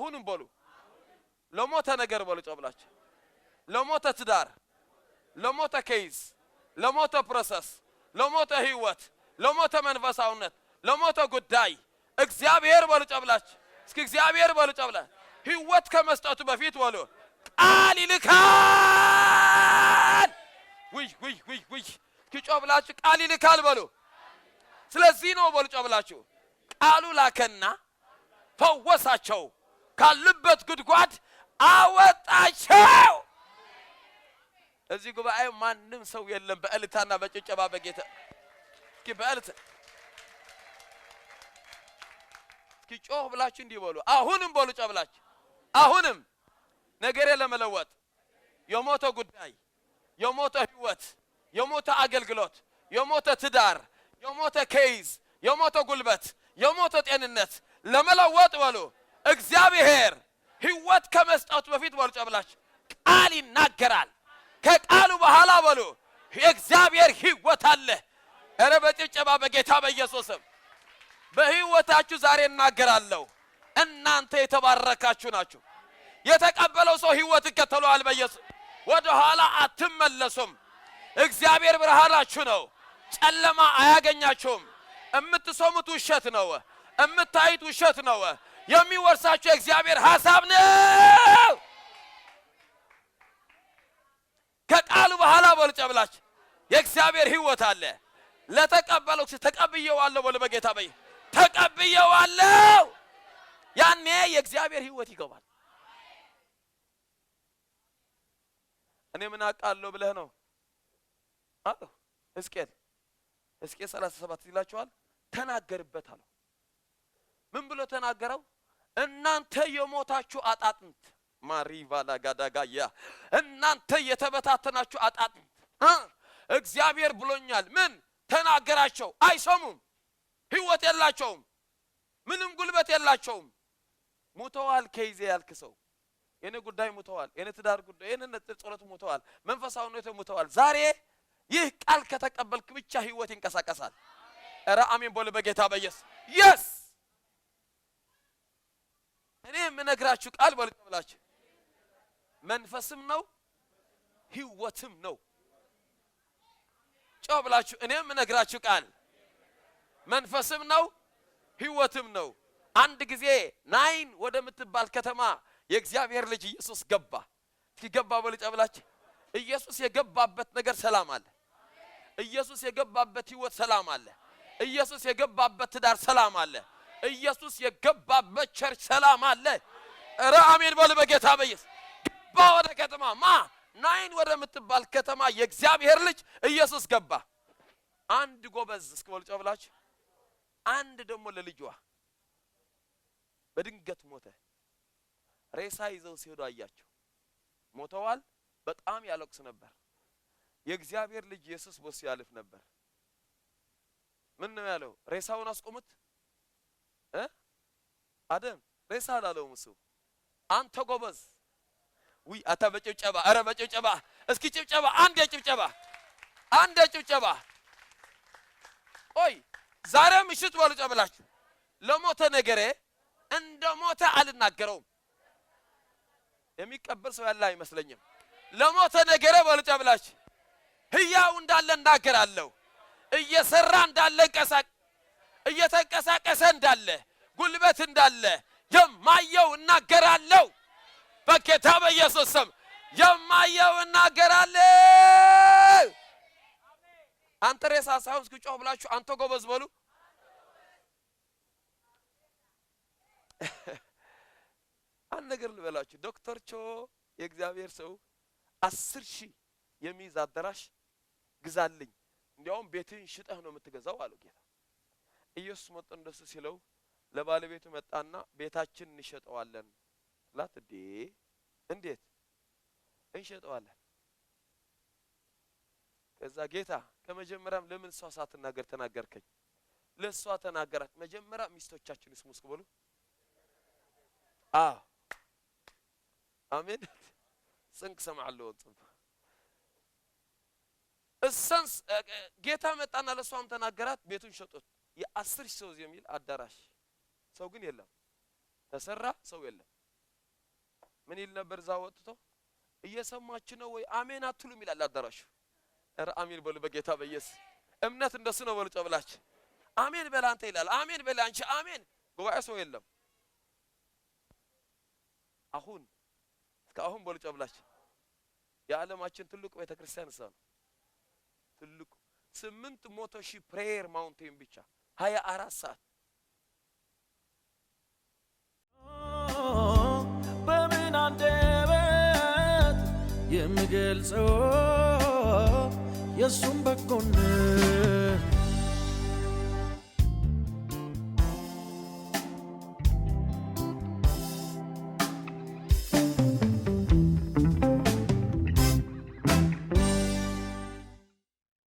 አሁንም በሉ ለሞተ ነገር በሉ ጨብላችሁ ለሞተ ትዳር፣ ለሞተ ኬዝ፣ ለሞተ ፕሮሰስ፣ ለሞተ ህይወት፣ ለሞተ መንፈሳውነት፣ ለሞተ ጉዳይ እግዚአብሔር በሉ ጨብላችሁ እስኪ እግዚአብሔር በሉ ጨብላ ህይወት ከመስጠቱ በፊት በሉ ቃል ይልካል። ውይ ውይ ውይ ውይ እስኪ ጨብላችሁ ቃል ይልካል በሉ። ስለዚህ ነው በሉ ጨብላችሁ ቃሉ ላከና ፈወሳቸው። ካሉበት ጉድጓድ አወጣቸው። እዚህ ጉባኤ ማንም ሰው የለም። በእልታና በጭብጨባ በጌታ እስኪ በእልት እስኪ ጮህ ብላችሁ እንዲህ በሉ። አሁንም በሉ ጨብላችሁ። አሁንም ነገር ለመለወጥ የሞተ ጉዳይ፣ የሞተ ህይወት፣ የሞተ አገልግሎት፣ የሞተ ትዳር፣ የሞተ ኬይዝ፣ የሞተ ጉልበት፣ የሞተ ጤንነት ለመለወጥ በሉ እግዚአብሔር ህይወት ከመስጠቱ በፊት በሉ ብላች ቃል ይናገራል። ከቃሉ በኋላ በሉ የእግዚአብሔር ሕይወት አለ። እረ በጭብጨባ በጌታ በኢየሱስም በህይወታችሁ ዛሬ እናገራለሁ። እናንተ የተባረካችሁ ናችሁ። የተቀበለው ሰው ህይወት ይከተለዋል። በኢየሱስ ወደ ኋላ አትመለሱም። እግዚአብሔር ብርሃናችሁ ነው፣ ጨለማ አያገኛችሁም። የምትሰሙት ውሸት ነው፣ የምታዩት ውሸት ነው። የሚወርሳችሁ የእግዚአብሔር ሀሳብ ነው። ከቃሉ በኋላ በሉ ጨብላችሁ የእግዚአብሔር ህይወት አለ። ለተቀበለው ተቀብየዋለሁ በሉ በጌታ በይ ተቀብየዋለሁ። ያኔ የእግዚአብሔር ህይወት ይገባል። እኔ ምን አውቃለሁ ብለህ ነው አለሁ። ሕዝቅኤል ሕዝቅኤል 37 ይላችኋል ተናገርበት አለው። ምን ብሎ ተናገረው? እናንተ የሞታችሁ አጣጥንት ማሪቫላ ጋዳጋያ እናንተ የተበታተናችሁ አጣጥንት እግዚአብሔር ብሎኛል። ምን ተናገራቸው? አይሰሙም። ህይወት የላቸውም። ምንም ጉልበት የላቸውም። ሙተዋል። ከይዜ ያልክ ሰው የኔ ጉዳይ ሙተዋል። የኔ ትዳር ጉዳይ የኔ ነጥብ ጸሎት ሙተዋል። መንፈሳዊ ነው ሙተዋል። ዛሬ ይህ ቃል ከተቀበልክ ብቻ ህይወት ይንቀሳቀሳል። ኧረ አሜን በሉ በጌታ በየስ የስ እኔ የምነግራችሁ ቃል በልጥ መንፈስም ነው ህይወትም ነው። ጮ ብላችሁ እኔ የምነግራችሁ ቃል መንፈስም ነው ህይወትም ነው። አንድ ጊዜ ናይን ወደምትባል ከተማ የእግዚአብሔር ልጅ ኢየሱስ ገባ። እስኪ ገባ በልጫ ኢየሱስ የገባበት ነገር ሰላም አለ። ኢየሱስ የገባበት ህይወት ሰላም አለ። ኢየሱስ የገባበት ትዳር ሰላም አለ። ኢየሱስ የገባበት ቸርች ሰላም አለ። እረ አሜን በል በጌታ በኢየሱስ ገባ ወደ ከተማ ማ ናይን ወደምትባል ከተማ የእግዚአብሔር ልጅ ኢየሱስ ገባ። አንድ ጎበዝ እስኪ በሉ ብላችሁ፣ አንድ ደግሞ ለልጇ በድንገት ሞተ። ሬሳ ይዘው ሲሄዱ አያቸው፣ ሞተዋል። በጣም ያለቅስ ነበር። የእግዚአብሔር ልጅ ኢየሱስ ቦስ ያልፍ ነበር። ምን ነው ያለው? ሬሳውን አስቆሙት አይደል? ሬሳ አላለውም እሱ። አንተ ጎበዝ ውይ፣ አታ በጭብጨባ ኧረ በጭብጨባ እስኪ ጭብጨባ፣ አንድ የጭብጨባ አንድ የጭብጨባ። ቆይ ዛሬ ምሽት በሉ ጨብላችሁ። ለሞተ ነገሬ እንደ ሞተ አልናገረውም። የሚቀበል ሰው ያለ አይመስለኝም። ለሞተ ነገሬ በሉ ጨብላችሁ፣ ህያው እንዳለ እናገራለሁ። እየሰራ እንዳለ እየተንቀሳቀሰ እንዳለ ጉልበት እንዳለ የማየው እናገራለሁ። በጌታ በኢየሱስ ስም የማየው እናገራለሁ። አንተ ሬሳ ሳይሆን እስኪ ጮህ ብላችሁ አንተ ጎበዝ በሉ። አንድ ነገር ልበላችሁ። ዶክተር ቾ የእግዚአብሔር ሰው አስር ሺህ የሚይዝ አዳራሽ ግዛልኝ፣ እንዲያውም ቤትን ሽጠህ ነው የምትገዛው አለው ጌታ። ኢየሱስ መጥቶ እንደሱ ሲለው ለባለቤቱ መጣና ቤታችን እንሸጠዋለን ላት እንዴ እንዴት እንሸጠዋለን? ከዛ ጌታ ከመጀመሪያም ለምን እሷ ሳትናገር ተናገርከኝ? ለእሷ ተናገራት። መጀመሪያ ሚስቶቻችን ስሙ እስኪ በሉ። አሜን። ጽንቅ ሰማዓለሁ ጽንፍ እሰንስ ጌታ መጣና ለእሷም ተናገራት። ቤቱን ሸጡት። የአስር ሺህ ሰው የሚል አዳራሽ ሰው ግን የለም። ተሰራ ሰው የለም። ምን ይል ነበር? እዛ ወጥቶ እየሰማችሁ ነው ወይ? አሜን አትሉም ይላል አዳራሹ። ኧረ አሜን በሉ በጌታ በኢየሱስ እምነት እንደሱ ነው በሉ ጨብላች አሜን በላንተ አንተ ይላል። አሜን በላ አንቺ። አሜን ጉባኤ ሰው የለም። አሁን እስከ አሁን በሉ ጨብላችሁ። የዓለማችን ትልቁ ቤተ ክርስቲያን እሷ ነው። ትልቁ ስምንት መቶ ሺህ ፕሬየር ማውንቴን ብቻ ሀያ አራት ሰዓት የምገልጸው የእሱም በጎነት